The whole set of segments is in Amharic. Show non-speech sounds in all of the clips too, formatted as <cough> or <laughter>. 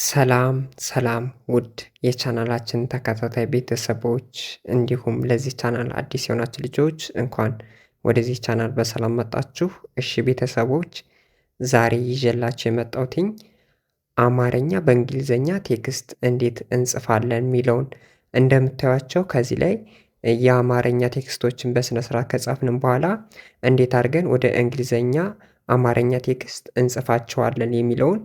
ሰላም ሰላም ውድ የቻናላችን ተከታታይ ቤተሰቦች እንዲሁም ለዚህ ቻናል አዲስ የሆናችሁ ልጆች እንኳን ወደዚህ ቻናል በሰላም መጣችሁ። እሺ ቤተሰቦች ዛሬ ይዤላችሁ የመጣሁትኝ አማርኛ በእንግሊዝኛ ቴክስት እንዴት እንጽፋለን የሚለውን እንደምታዩቸው ከዚህ ላይ የአማርኛ ቴክስቶችን በስነስርዓት ከጻፍንም በኋላ እንዴት አድርገን ወደ እንግሊዝኛ አማርኛ ቴክስት እንጽፋቸዋለን የሚለውን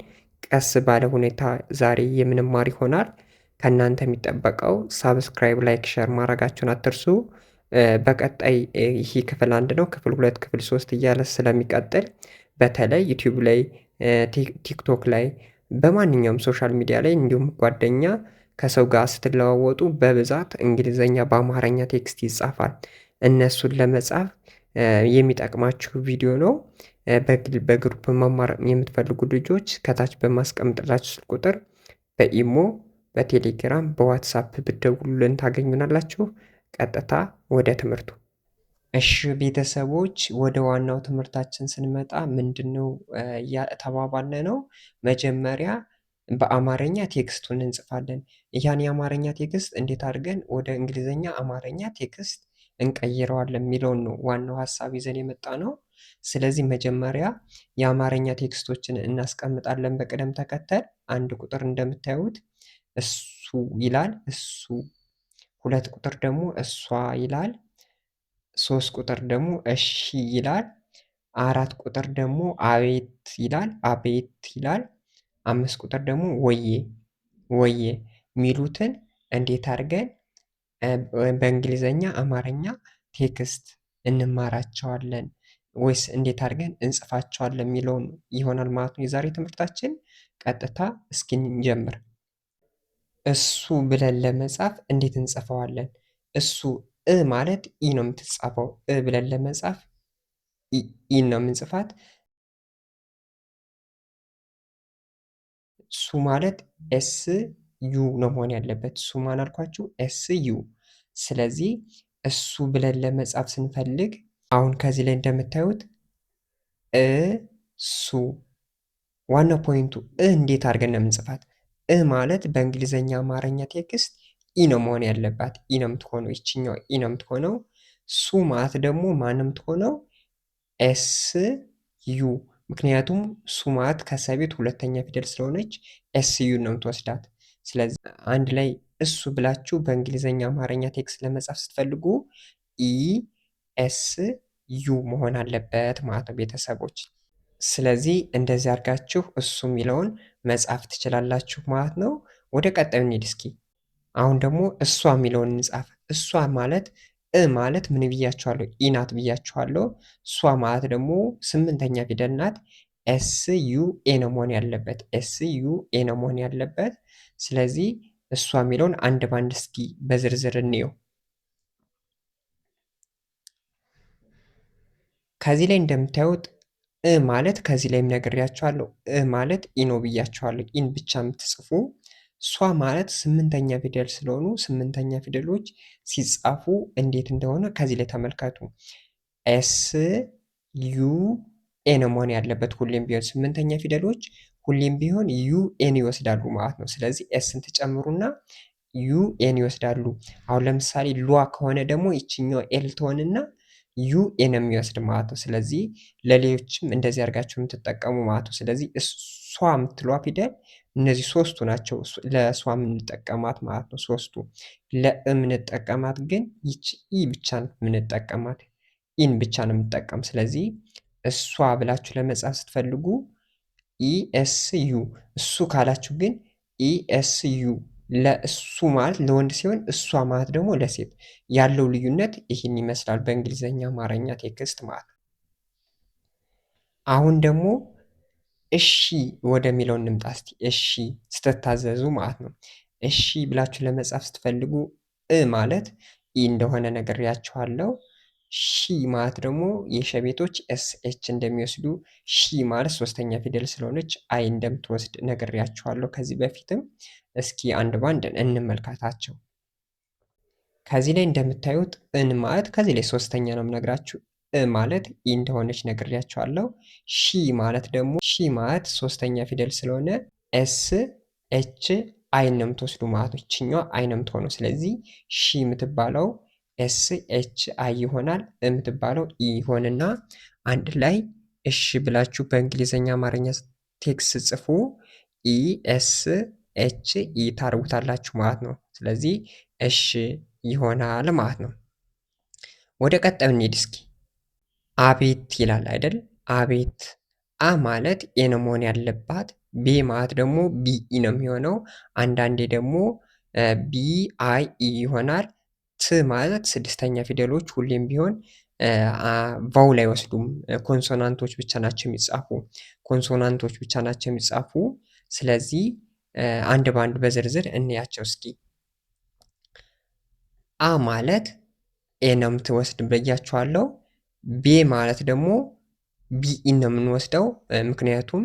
ቀስ ባለ ሁኔታ ዛሬ የምንማር ይሆናል። ከእናንተ የሚጠበቀው ሳብስክራይብ፣ ላይክ፣ ሸር ማድረጋችሁን አትርሱ። በቀጣይ ይህ ክፍል አንድ ነው። ክፍል ሁለት፣ ክፍል ሶስት እያለ ስለሚቀጥል በተለይ ዩቲዩብ ላይ፣ ቲክቶክ ላይ፣ በማንኛውም ሶሻል ሚዲያ ላይ እንዲሁም ጓደኛ ከሰው ጋር ስትለዋወጡ በብዛት እንግሊዝኛ በአማርኛ ቴክስት ይጻፋል። እነሱን ለመጻፍ የሚጠቅማችሁ ቪዲዮ ነው። በግል በግሩፕ መማር የምትፈልጉ ልጆች ከታች በማስቀምጥላችሁ ስልክ ቁጥር በኢሞ፣ በቴሌግራም፣ በዋትሳፕ ብትደውሉልን ታገኙናላችሁ። ቀጥታ ወደ ትምህርቱ። እሺ ቤተሰቦች ወደ ዋናው ትምህርታችን ስንመጣ ምንድን ነው ነው መጀመሪያ በአማርኛ ቴክስቱን እንጽፋለን። ያን የአማርኛ ቴክስት እንዴት አድርገን ወደ እንግሊዝኛ አማርኛ ቴክስት እንቀይረዋለን የሚለውን ነው ዋናው ሀሳብ ይዘን የመጣ ነው። ስለዚህ መጀመሪያ የአማርኛ ቴክስቶችን እናስቀምጣለን በቅደም ተከተል። አንድ ቁጥር እንደምታዩት እሱ ይላል እሱ፣ ሁለት ቁጥር ደግሞ እሷ ይላል፣ ሶስት ቁጥር ደግሞ እሺ ይላል፣ አራት ቁጥር ደግሞ አቤት ይላል አቤት ይላል፣ አምስት ቁጥር ደግሞ ወዬ ወዬ የሚሉትን እንዴት አድርገን በእንግሊዘኛ አማርኛ ቴክስት እንማራቸዋለን። ወይስ እንዴት አድርገን እንጽፋቸዋለን የሚለውን ይሆናል ማለት ነው። የዛሬ ትምህርታችን ቀጥታ እስኪንጀምር እሱ ብለን ለመጻፍ እንዴት እንጽፈዋለን? እሱ እ ማለት ኢ ነው የምትጻፈው። እ ብለን ለመጻፍ ኢ ነው የምንጽፋት። ሱ ማለት ኤስ ዩ ነው መሆን ያለበት። ሱ ማን አልኳችሁ? ኤስ ዩ። ስለዚህ እሱ ብለን ለመጻፍ ስንፈልግ አሁን ከዚህ ላይ እንደምታዩት እ ሱ ዋናው ፖይንቱ እ እንዴት አድርገን ነው የምንጽፋት? እ ማለት በእንግሊዘኛ አማርኛ ቴክስት ኢ ነው መሆን ያለባት። ኢ ነው የምትሆነው ይችኛው ኢ ነው የምትሆነው። ሱ ማለት ደግሞ ማን ነው የምትሆነው? ኤስ ዩ ምክንያቱም ሱ ማለት ከሰቤት ሁለተኛ ፊደል ስለሆነች ኤስ ዩ ነው የምትወስዳት። ስለዚህ አንድ ላይ እሱ ብላችሁ በእንግሊዘኛ አማርኛ ቴክስት ለመጻፍ ስትፈልጉ ኢ ኤስ ዩ መሆን አለበት ማለት ነው ቤተሰቦች። ስለዚህ እንደዚህ አድርጋችሁ እሱ የሚለውን መጻፍ ትችላላችሁ ማለት ነው። ወደ ቀጣዩ እንሂድ እስኪ። አሁን ደግሞ እሷ የሚለውን እንጻፍ። እሷ ማለት እ ማለት ምን ብያችኋለሁ? ኢናት ብያችኋለሁ። እሷ ማለት ደግሞ ስምንተኛ ፊደል ናት። ኤስ ዩ ኤ ነው መሆን ያለበት። ኤስ ዩ ኤ ነው መሆን ያለበት። ስለዚህ እሷ የሚለውን አንድ ባንድ እስኪ በዝርዝር እንየው። ከዚህ ላይ እንደምታዩት እ ማለት ከዚህ ላይም ነግሬያቸዋለሁ። እ ማለት ኢኖ ብያቸዋለሁ። ኢን ብቻ የምትጽፉ ሷ ማለት ስምንተኛ ፊደል ስለሆኑ ስምንተኛ ፊደሎች ሲጻፉ እንዴት እንደሆነ ከዚህ ላይ ተመልከቱ። ኤስ ዩ ኤ መሆን ያለበት ሁሌም ቢሆን ስምንተኛ ፊደሎች ሁሌም ቢሆን ዩ ኤን ይወስዳሉ ማለት ነው። ስለዚህ ኤስን ትጨምሩና ዩ ኤን ይወስዳሉ። አሁን ለምሳሌ ሉዋ ከሆነ ደግሞ ይችኛው ኤል ዩኤን የሚወስድ ማለት ነው። ስለዚህ ለሌሎችም እንደዚህ አድርጋችሁ የምትጠቀሙ ማለት ነው። ስለዚህ እሷ የምትሏ ፊደል እነዚህ ሶስቱ ናቸው። ለእሷ የምንጠቀማት ማለት ነው። ሶስቱ ለእ ምንጠቀማት ግን ይች ኢ ብቻ ነው የምንጠቀማት፣ ኢን ብቻ ነው የምንጠቀም። ስለዚህ እሷ ብላችሁ ለመጻፍ ስትፈልጉ ኢኤስዩ እሱ ካላችሁ ግን ኢኤስዩ ለእሱ ማለት ለወንድ ሲሆን እሷ ማለት ደግሞ ለሴት ያለው ልዩነት ይህን ይመስላል። በእንግሊዝኛ አማርኛ ቴክስት ማለት ነው። አሁን ደግሞ እሺ ወደሚለው እንምጣ እስቲ። እሺ ስትታዘዙ ማለት ነው። እሺ ብላችሁ ለመጻፍ ስትፈልጉ እ ማለት ኢ እንደሆነ ነግሬያችኋለሁ። ሺ ማለት ደግሞ የሸ ቤቶች ኤስ ኤች እንደሚወስዱ ሺ ማለት ሶስተኛ ፊደል ስለሆነች አይ እንደምትወስድ ነግሬያችኋለሁ ከዚህ በፊትም። እስኪ አንድ ባንድ እንመልከታቸው። ከዚህ ላይ እንደምታዩት እን ማለት ከዚህ ላይ ሶስተኛ ነው የምነግራችሁ። እ ማለት ኢ እንደሆነች ነግሬያችኋለሁ። ሺ ማለት ደግሞ ሺ ማለት ሶስተኛ ፊደል ስለሆነ ኤስ ኤች አይ ነው የምትወስዱ ማለት ነው። ይችኛዋ አይ ነው የምትሆነው። ስለዚህ ሺ የምትባለው ኤስ ኤች አይ ይሆናል። የምትባለው ኢ ይሆንና አንድ ላይ እሺ ብላችሁ በእንግሊዝኛ አማርኛ ቴክስት ጽፉ ኢ ኤስ ኤች ኢ ታርጉታላችሁ ማለት ነው። ስለዚህ እሺ ይሆናል ማለት ነው። ወደ ቀጣዩ እንሂድ እስኪ። አቤት ይላል አይደል? አቤት አ ማለት ኤ ነው መሆን ያለባት። ቤ ማለት ደግሞ ቢኢ ነው የሚሆነው። አንዳንዴ ደግሞ ቢ አይ ኢ ይሆናል። ት ማለት ስድስተኛ ፊደሎች ሁሌም ቢሆን ቫውል አይወስዱም። ኮንሶናንቶች ብቻ ናቸው የሚጻፉ ኮንሶናንቶች ብቻ ናቸው የሚጻፉ። ስለዚህ አንድ በአንድ በዝርዝር እንያቸው እስኪ። አ ማለት ኤ ነው የምትወስድ ብያችኋለሁ። ቤ ማለት ደግሞ ቢኢን ነው የምንወስደው። ምክንያቱም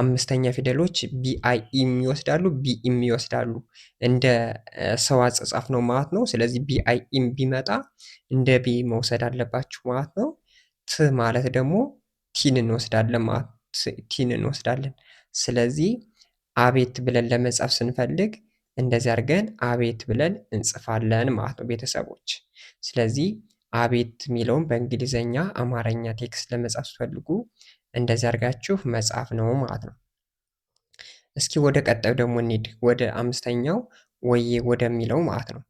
አምስተኛ ፊደሎች ቢአይኢም ይወስዳሉ ቢኢም ይወስዳሉ እንደ ሰው አጻጻፍ ነው ማለት ነው። ስለዚህ ቢአይኢም ቢመጣ እንደ ቢ መውሰድ አለባችሁ ማለት ነው። ት ማለት ደግሞ ቲን እንወስዳለን ማለት ቲን እንወስዳለን። ስለዚህ አቤት ብለን ለመጻፍ ስንፈልግ እንደዚህ አድርገን አቤት ብለን እንጽፋለን ማለት ነው ቤተሰቦች ስለዚህ አቤት የሚለውን በእንግሊዘኛ አማርኛ ቴክስት ለመጻፍ ስትፈልጉ እንደዚህ አድርጋችሁ መጻፍ ነው ማለት ነው። እስኪ ወደ ቀጣዩ ደግሞ እንሂድ። ወደ አምስተኛው ወዬ ወደሚለው ማለት ነው።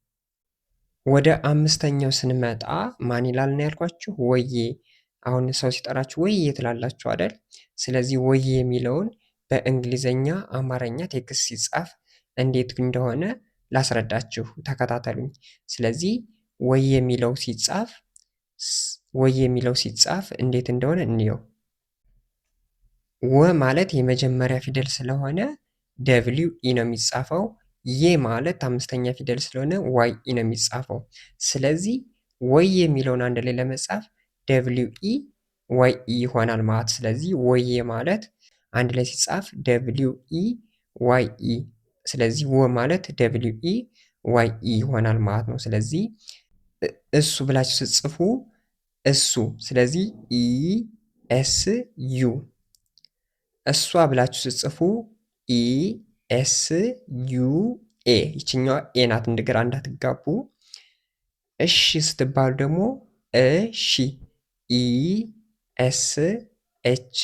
ወደ አምስተኛው ስንመጣ ማን ይላል ነው ያልኳችሁ? ወዬ። አሁን ሰው ሲጠራችሁ ወዬ ትላላችሁ አይደል? ስለዚህ ወዬ የሚለውን በእንግሊዘኛ አማርኛ ቴክስት ሲጻፍ እንዴት እንደሆነ ላስረዳችሁ፣ ተከታተሉኝ። ስለዚህ ወይ የሚለው ሲጻፍ ወይ የሚለው ሲጻፍ እንዴት እንደሆነ እንየው። ወ ማለት የመጀመሪያ ፊደል ስለሆነ ደብሊው ኢ ነው የሚጻፈው። የ ማለት አምስተኛ ፊደል ስለሆነ ዋይ ኢ ነው የሚጻፈው። ስለዚህ ወይ የሚለውን አንድ ላይ ለመጻፍ ደብሊው ኢ ዋይ ኢ ይሆናል ማለት። ስለዚህ ወየ ማለት አንድ ላይ ሲጻፍ ደብሊው ኢ ዋይ ኢ። ስለዚህ ወ ማለት ደብሊው ኢ ዋይ ኢ ይሆናል ማለት ነው። ስለዚህ እሱ ብላችሁ ስትጽፉ እሱ። ስለዚህ ኢ ኤስ ዩ። እሷ ብላችሁ ስትጽፉ ኢ ኤስ ዩ ኤ። ይችኛዋ ኤ ናት፣ እንደ ግራ እንዳትጋቡ። እሺ ስትባሉ ደግሞ እሺ ኢ ኤስ ኤች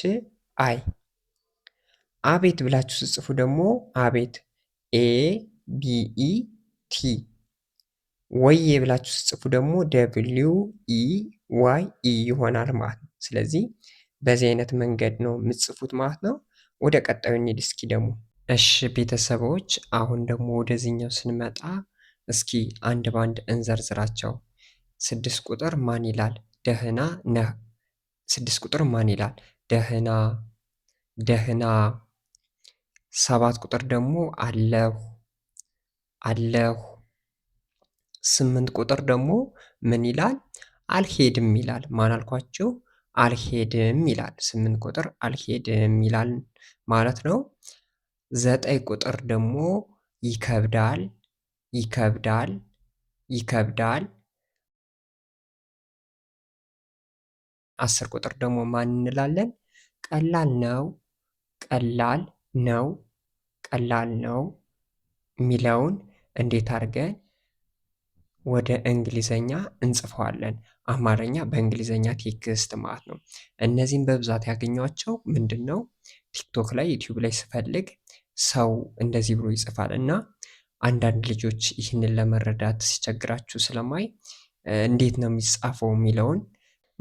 አይ። አቤት ብላችሁ ስትጽፉ ደግሞ አቤት ኤ ቢ ኢ ቲ ወይ ብላችሁ ስጽፉ ደግሞ ደብሊው ኢ ዋይ ኢ ይሆናል ማለት ነው። ስለዚህ በዚህ አይነት መንገድ ነው የምትጽፉት ማለት ነው። ወደ ቀጣዩ እንሂድ እስኪ ደግሞ እሺ ቤተሰቦች አሁን ደግሞ ወደዚህኛው ስንመጣ እስኪ አንድ ባንድ እንዘርዝራቸው። ስድስት ቁጥር ማን ይላል? ደህና ነህ። ስድስት ቁጥር ማን ይላል? ደህና ደህና። ሰባት ቁጥር ደግሞ አለሁ አለሁ ስምንት ቁጥር ደግሞ ምን ይላል? አልሄድም ይላል። ማን አልኳችሁ? አልሄድም ይላል። ስምንት ቁጥር አልሄድም ይላል ማለት ነው። ዘጠኝ ቁጥር ደግሞ ይከብዳል፣ ይከብዳል፣ ይከብዳል። አስር ቁጥር ደግሞ ማን እንላለን? ቀላል ነው፣ ቀላል ነው፣ ቀላል ነው የሚለውን እንዴት አድርገን ወደ እንግሊዘኛ እንጽፈዋለን። አማርኛ በእንግሊዘኛ ቴክስት ማለት ነው። እነዚህም በብዛት ያገኟቸው ምንድን ነው? ቲክቶክ ላይ ዩቲዩብ ላይ ስፈልግ ሰው እንደዚህ ብሎ ይጽፋል እና አንዳንድ ልጆች ይህንን ለመረዳት ሲቸግራችሁ ስለማይ እንዴት ነው የሚጻፈው የሚለውን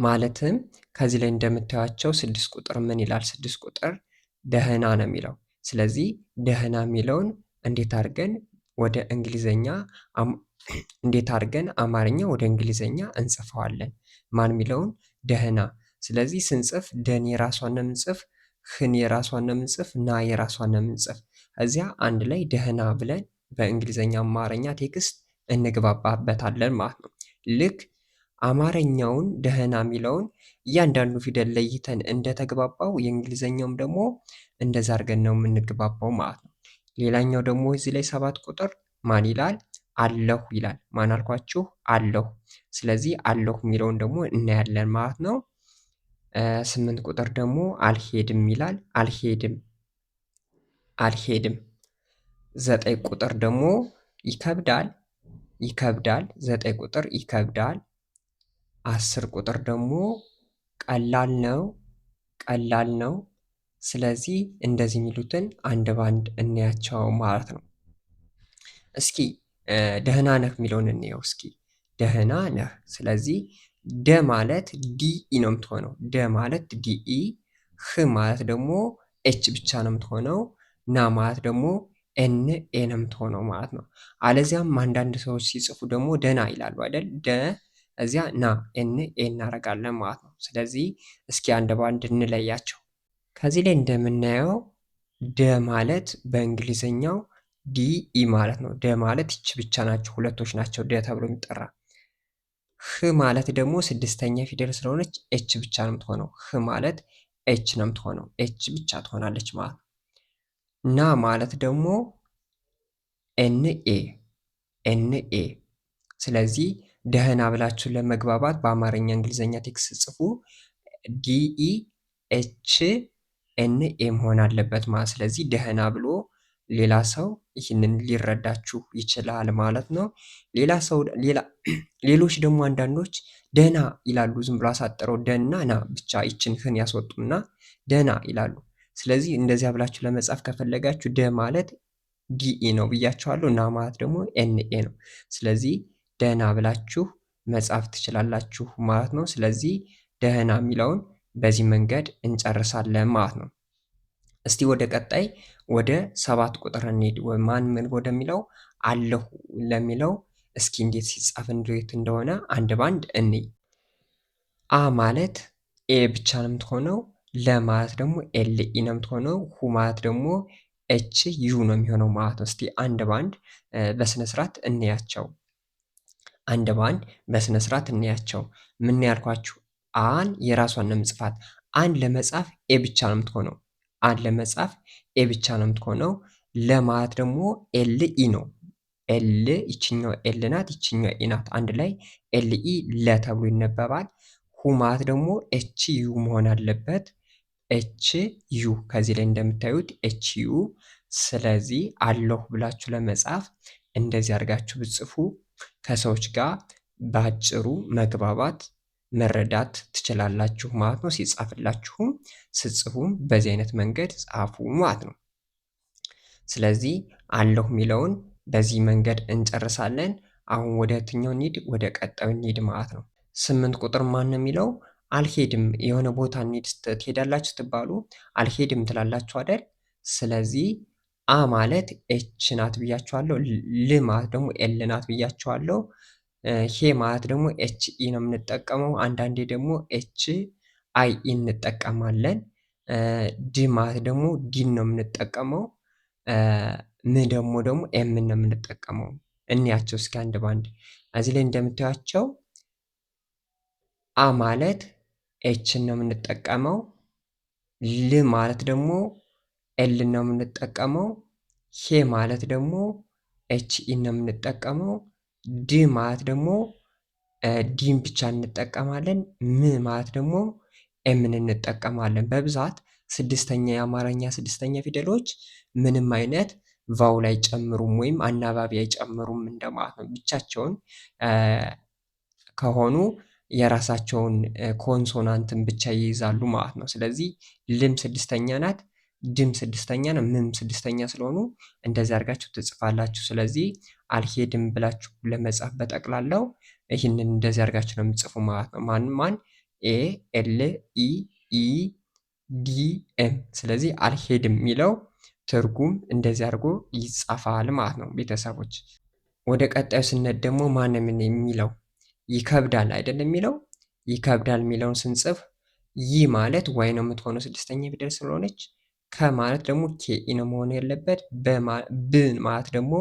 ማለትም ከዚህ ላይ እንደምታያቸው ስድስት ቁጥር ምን ይላል? ስድስት ቁጥር ደህና ነው የሚለው ስለዚህ ደህና የሚለውን እንዴት አድርገን ወደ እንግሊዘኛ እንዴት አድርገን አማርኛ ወደ እንግሊዘኛ እንጽፈዋለን? ማን የሚለውን ደህና። ስለዚህ ስንጽፍ ደን የራሷን ነው የምንጽፍ፣ ህን የራሷን ነው የምንጽፍ፣ ና የራሷን ነው የምንጽፍ። እዚያ አንድ ላይ ደህና ብለን በእንግሊዘኛ አማርኛ ቴክስት እንግባባበታለን ማለት ነው። ልክ አማርኛውን ደህና የሚለውን እያንዳንዱ ፊደል ለይተን እንደተግባባው የእንግሊዘኛውም ደግሞ እንደዛ አድርገን ነው የምንግባባው ማለት ነው። ሌላኛው ደግሞ እዚህ ላይ ሰባት ቁጥር ማን ይላል? አለሁ ይላል። ማን አልኳችሁ? አለሁ። ስለዚህ አለሁ የሚለውን ደግሞ እናያለን ማለት ነው። ስምንት ቁጥር ደግሞ አልሄድም ይላል። አልሄድም አልሄድም። ዘጠኝ ቁጥር ደግሞ ይከብዳል ይከብዳል። ዘጠኝ ቁጥር ይከብዳል። አስር ቁጥር ደግሞ ቀላል ነው ቀላል ነው። ስለዚህ እንደዚህ የሚሉትን አንድ ባንድ እናያቸው ማለት ነው። እስኪ ደህና ነህ የሚለውን እንየው እስኪ። ደህና ነህ። ስለዚህ ደ ማለት ዲኢ ነው የምትሆነው። ደ ማለት ዲኢ፣ ህ ማለት ደግሞ ኤች ብቻ ነው የምትሆነው። ና ማለት ደግሞ ኤን ኤ ነው የምትሆነው ማለት ነው። አለዚያም አንዳንድ ሰዎች ሲጽፉ ደግሞ ደና ይላሉ አይደል? ደ እዚያ ና ኤን ኤ እናደርጋለን ማለት ነው። ስለዚህ እስኪ አንድ ባንድ እንለያቸው። ከዚህ ላይ እንደምናየው ደ ማለት በእንግሊዝኛው ዲ ኢ ማለት ነው። ደ ማለት ይች ብቻ ናቸው፣ ሁለቶች ናቸው ደ ተብሎ የሚጠራ ህ ማለት ደግሞ ስድስተኛ ፊደል ስለሆነች ኤች ብቻ ነው የምትሆነው። ህ ማለት ኤች ነው የምትሆነው። ኤች ብቻ ትሆናለች ማለት ነው። ና ማለት ደግሞ ኤን ኤ ኤን ኤ። ስለዚህ ደህና ብላችሁ ለመግባባት በአማርኛ እንግሊዝኛ ቴክስት ጽፉ። ዲኢ ኤች ኤን ኤ መሆን አለበት ማለት ስለዚህ ደህና ብሎ ሌላ ሰው ይህንን ሊረዳችሁ ይችላል ማለት ነው። ሌላ ሰው ሌላ <clears throat> ሌሎች ደግሞ አንዳንዶች ደህና ይላሉ። ዝም ብሎ አሳጥረው ደህና ና ብቻ ይችን ህን ያስወጡና ደህና ይላሉ። ስለዚህ እንደዚያ ብላችሁ ለመጻፍ ከፈለጋችሁ ደ ማለት ዲኢ ነው ብያችኋለሁ። ና ማለት ደግሞ ኤንኤ ነው። ስለዚህ ደህና ብላችሁ መጻፍ ትችላላችሁ ማለት ነው። ስለዚህ ደህና የሚለውን በዚህ መንገድ እንጨርሳለን ማለት ነው። እስቲ ወደ ቀጣይ ወደ ሰባት ቁጥር እንሂድ። ማን ምን ወደሚለው አለሁ ለሚለው እስኪ እንዴት ሲጻፍ እንዴት እንደሆነ አንድ ባንድ እንይ። አ ማለት ኤ ብቻ ነው የምትሆነው። ለ ማለት ደግሞ ኤል ኢ ነው የምትሆነው። ሁ ማለት ደግሞ ኤች ዩ ነው የሚሆነው ማለት ነው። እስቲ አንድ ባንድ በስነ ስርዓት እንያቸው። አንድ ባንድ በስነ ስርዓት እንያቸው። ምን ያልኳችሁ አን የራሷን ነው የምጽፋት። አን ለመጻፍ ኤ ብቻ ነው የምትሆነው። አን ለመጻፍ ኤ ብቻ ነው የምትሆነው። ለ ማለት ደግሞ ኤል ኢ ነው። ኤል ይችኛው ኤል ናት፣ ይችኛው ኢ ናት። አንድ ላይ ኤል ኢ ለ ተብሎ ይነበባል። ሁ ማለት ደግሞ ኤች ዩ መሆን አለበት። ኤች ዩ ከዚህ ላይ እንደምታዩት ኤች ዩ። ስለዚህ አለሁ ብላችሁ ለመጻፍ እንደዚህ አድርጋችሁ ብጽፉ ከሰዎች ጋር በአጭሩ መግባባት መረዳት ትችላላችሁ ማለት ነው። ሲጻፍላችሁም ስጽፉም በዚህ አይነት መንገድ ጻፉ ማለት ነው። ስለዚህ አለሁ የሚለውን በዚህ መንገድ እንጨርሳለን። አሁን ወደ የትኛው እንሂድ? ወደ ቀጣዩ እንሂድ ማለት ነው። ስምንት ቁጥር ማን ነው የሚለው አልሄድም። የሆነ ቦታ እንሂድ ትሄዳላችሁ ትባሉ አልሄድም ትላላችሁ አይደል? ስለዚህ አ ማለት ኤች ናት ብያችኋለሁ። ል ማለት ደግሞ ኤል ናት ብያችኋለሁ። ሄ ማለት ደግሞ ኤች ኢ ነው የምንጠቀመው። አንዳንዴ ደግሞ ኤች አይ ኢ እንጠቀማለን። ዲ ማለት ደግሞ ዲን ነው የምንጠቀመው። ም ደግሞ ደግሞ ኤምን ነው የምንጠቀመው። እንያቸው እስኪ አንድ ባንድ እዚህ ላይ እንደምታያቸው አ ማለት ኤችን ነው የምንጠቀመው። ል ማለት ደግሞ ኤልን ነው የምንጠቀመው። ሄ ማለት ደግሞ ኤች ኢ ነው የምንጠቀመው። ድ ማለት ደግሞ ዲን ብቻ እንጠቀማለን። ም ማለት ደግሞ ኤምን እንጠቀማለን። በብዛት ስድስተኛ የአማርኛ ስድስተኛ ፊደሎች ምንም አይነት ቫውል አይጨምሩም ወይም አናባቢ አይጨምሩም እንደማለት ነው። ብቻቸውን ከሆኑ የራሳቸውን ኮንሶናንትን ብቻ ይይዛሉ ማለት ነው። ስለዚህ ልም ስድስተኛ ናት። ድም ስድስተኛ ነው ምም ስድስተኛ ስለሆኑ እንደዚህ አድርጋችሁ ትጽፋላችሁ። ስለዚህ አልሄድም ብላችሁ ለመጻፍ በጠቅላላው ይህንን እንደዚህ አድርጋችሁ ነው የምትጽፉ ማን ማን ኤ ኤል ኢ ኢ ዲ ኤም። ስለዚህ አልሄድም የሚለው ትርጉም እንደዚህ አድርጎ ይጻፋል ማለት ነው። ቤተሰቦች ወደ ቀጣዩ ስነት ደግሞ ማንም የሚለው ይከብዳል አይደለም የሚለው ይከብዳል የሚለውን ስንጽፍ ይህ ማለት ወይ ነው የምትሆነው ስድስተኛ ፊደል ስለሆነች ከማለት ደግሞ ኬ ነው መሆን ያለበት። ብ ማለት ደግሞ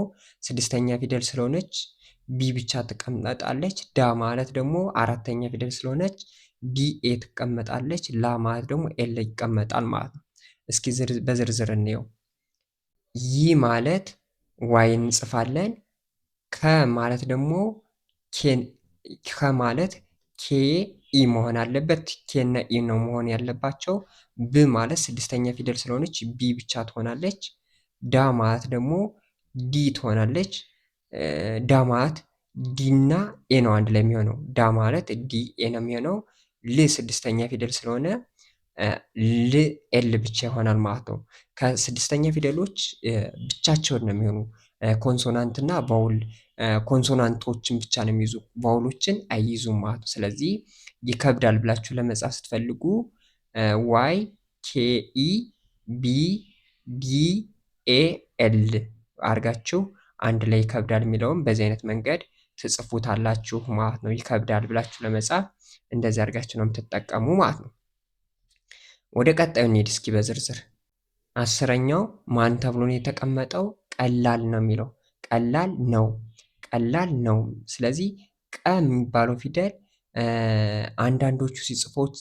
ስድስተኛ ፊደል ስለሆነች ቢ ብቻ ትቀመጣለች። ዳ ማለት ደግሞ አራተኛ ፊደል ስለሆነች ኤ ትቀመጣለች። ላ ማለት ደግሞ ኤል ይቀመጣል ማለት ነው። እስኪ በዝርዝር እንየው። ይ ማለት ዋይ እንጽፋለን። ከ ማለት ደግሞ ከ ማለት ኬ ኢ መሆን አለበት። ኬና ኢ ነው መሆን ያለባቸው። ብ ማለት ስድስተኛ ፊደል ስለሆነች ቢ ብቻ ትሆናለች። ዳ ማለት ደግሞ ዲ ትሆናለች። ዳ ማለት ዲና ኤ ነው አንድ ላይ የሚሆነው። ዳ ማለት ዲ ኤ ነው የሚሆነው። ል ስድስተኛ ፊደል ስለሆነ ል ኤል ብቻ ይሆናል ማለት ነው። ከስድስተኛ ፊደሎች ብቻቸውን ነው የሚሆኑ ኮንሶናንትና ቫውል ኮንሶናንቶችን ብቻ ነው የሚይዙ ቫውሎችን አይይዙም ማለት ነው። ስለዚህ ይከብዳል ብላችሁ ለመጻፍ ስትፈልጉ ዋይ ኬኢ ቢ ዲ ኤ ኤል አድርጋችሁ አንድ ላይ ይከብዳል የሚለውም በዚህ አይነት መንገድ ትጽፉታላችሁ ማለት ነው። ይከብዳል ብላችሁ ለመጻፍ እንደዚህ አድርጋችሁ ነው የምትጠቀሙ ማለት ነው። ወደ ቀጣዩ እንሂድ እስኪ በዝርዝር አስረኛው ማን ተብሎ ነው የተቀመጠው? ቀላል ነው የሚለው ቀላል ነው ቀላል ነው። ስለዚህ ቀ የሚባለው ፊደል አንዳንዶቹ ሲጽፎች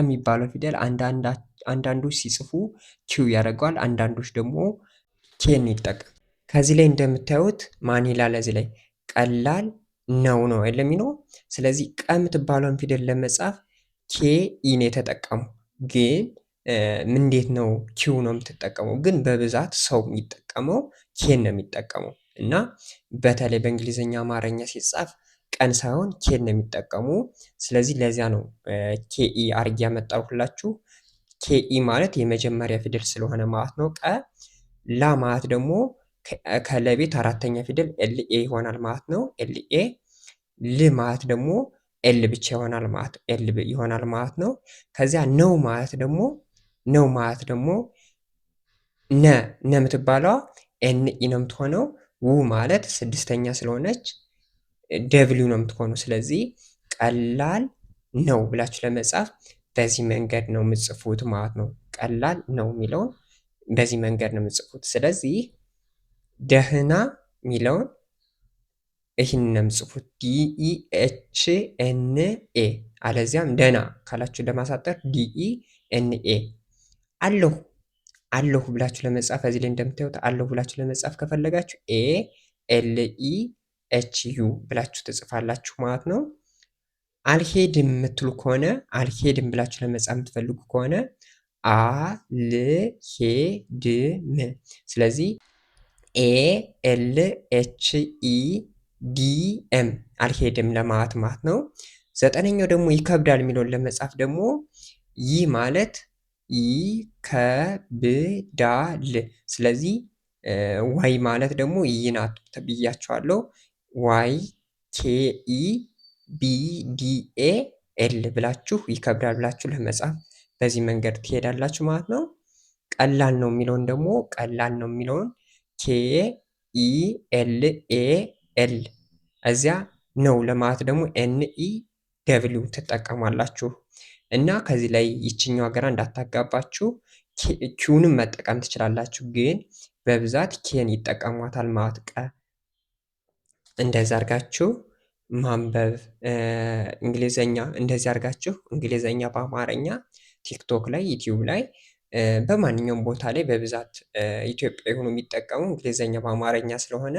የሚባለው ፊደል አንዳንዶች ሲጽፉ ኪው ያደርገዋል። አንዳንዶች ደግሞ ኬን ይጠቀም። ከዚህ ላይ እንደምታዩት ማን ይላል እዚህ ላይ ቀላል ነው ነው ነው። ስለዚህ ቀ የምትባለውን ፊደል ለመጻፍ ኬ ኢን የተጠቀሙ ግን እንዴት ነው ኪው ነው የምትጠቀመው። ግን በብዛት ሰው የሚጠቀመው ኬን ነው የሚጠቀመው እና በተለይ በእንግሊዝኛ አማርኛ ሲጻፍ ቀን ሳይሆን ኬን ነው የሚጠቀሙ። ስለዚህ ለዚያ ነው ኬኢ አርጌ ያመጣሁላችሁ። ኬኢ ማለት የመጀመሪያ ፊደል ስለሆነ ማለት ነው። ቀ ላ ማለት ደግሞ ከለቤት አራተኛ ፊደል ኤልኤ ይሆናል ማለት ነው። ኤልኤ ል ማለት ደግሞ ኤል ብቻ ይሆናል ማለት ኤል ይሆናል ማለት ነው። ከዚያ ነው ማለት ደግሞ ነው ማለት ደግሞ ነ ነ የምትባለዋ ኤን ኢ ነው የምትሆነው። ው ማለት ስድስተኛ ስለሆነች ደብሊው ነው የምትሆነው። ስለዚህ ቀላል ነው ብላችሁ ለመጻፍ በዚህ መንገድ ነው የምጽፉት ማለት ነው። ቀላል ነው የሚለውን በዚህ መንገድ ነው የምጽፉት። ስለዚህ ደህና የሚለውን ይህን ነው የምጽፉት፣ ዲኢ ኤን ኤ። አለዚያም ደህና ካላችሁ ለማሳጠር ዲኢ ኤን ኤ። አለሁ አለሁ ብላችሁ ለመጻፍ እዚህ ላይ እንደምታዩት አለሁ ብላችሁ ለመጻፍ ከፈለጋችሁ ኤ ኤል ኢ ኤች ዩ ብላችሁ ትጽፋላችሁ ማለት ነው። አልሄድም የምትሉ ከሆነ አልሄድም ብላችሁ ለመጻፍ የምትፈልጉ ከሆነ አ ል ሄ ድ ም ስለዚህ ኤ ኤል ኤች ኢ ዲ ኤም አልሄድም ለማለት ማለት ነው። ዘጠነኛው ደግሞ ይከብዳል የሚለውን ለመጻፍ ደግሞ ይ ማለት ይከብዳል። ስለዚህ ዋይ ማለት ደግሞ ይናት ናት ዋይ ኬ ኢ ቢ ዲ ኤ ኤል ብላችሁ ይከብዳል ብላችሁ ለመጻፍ በዚህ መንገድ ትሄዳላችሁ ማለት ነው። ቀላል ነው የሚለውን ደግሞ ቀላል ነው የሚለውን ኬ ኢ ኤል ኤ ኤል እዚያ ነው ለማለት ደግሞ ኤን ኢ ደብሊው ትጠቀማላችሁ እና ከዚህ ላይ ይችኛው ሀገራ እንዳታጋባችሁ ኪውንም መጠቀም ትችላላችሁ፣ ግን በብዛት ኬን ይጠቀሟታል ማለት ቀ እንደዛ አርጋችሁ ማንበብ እንግሊዘኛ እንደዚህ አርጋችሁ እንግሊዘኛ በአማርኛ ቲክቶክ ላይ ዩቲዩብ ላይ በማንኛውም ቦታ ላይ በብዛት ኢትዮጵያ የሆኑ የሚጠቀሙ እንግሊዘኛ በአማርኛ ስለሆነ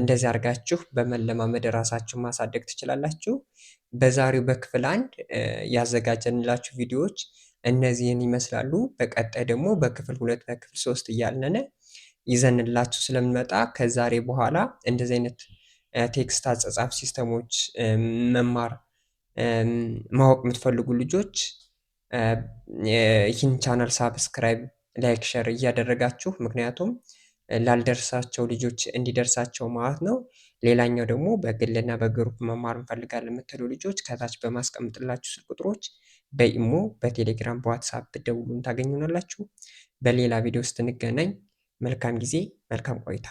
እንደዚህ አድርጋችሁ በመለማመድ ራሳችሁን ማሳደግ ትችላላችሁ። በዛሬው በክፍል አንድ ያዘጋጀንላችሁ ቪዲዮዎች እነዚህን ይመስላሉ። በቀጣይ ደግሞ በክፍል ሁለት በክፍል ሶስት እያልነን ይዘንላችሁ ስለምንመጣ ከዛሬ በኋላ እንደዚህ አይነት ቴክስት አጻጻፍ ሲስተሞች መማር ማወቅ የምትፈልጉ ልጆች ይህን ቻናል ሳብስክራይብ፣ ላይክ፣ ሸር እያደረጋችሁ ምክንያቱም ላልደርሳቸው ልጆች እንዲደርሳቸው ማለት ነው። ሌላኛው ደግሞ በግልና በግሩፕ መማር እንፈልጋለን የምትሉ ልጆች ከታች በማስቀምጥላችሁ ስልክ ቁጥሮች በኢሞ፣ በቴሌግራም፣ በዋትሳፕ ደውሉን ታገኙናላችሁ። በሌላ ቪዲዮ ውስጥ እንገናኝ። መልካም ጊዜ፣ መልካም ቆይታ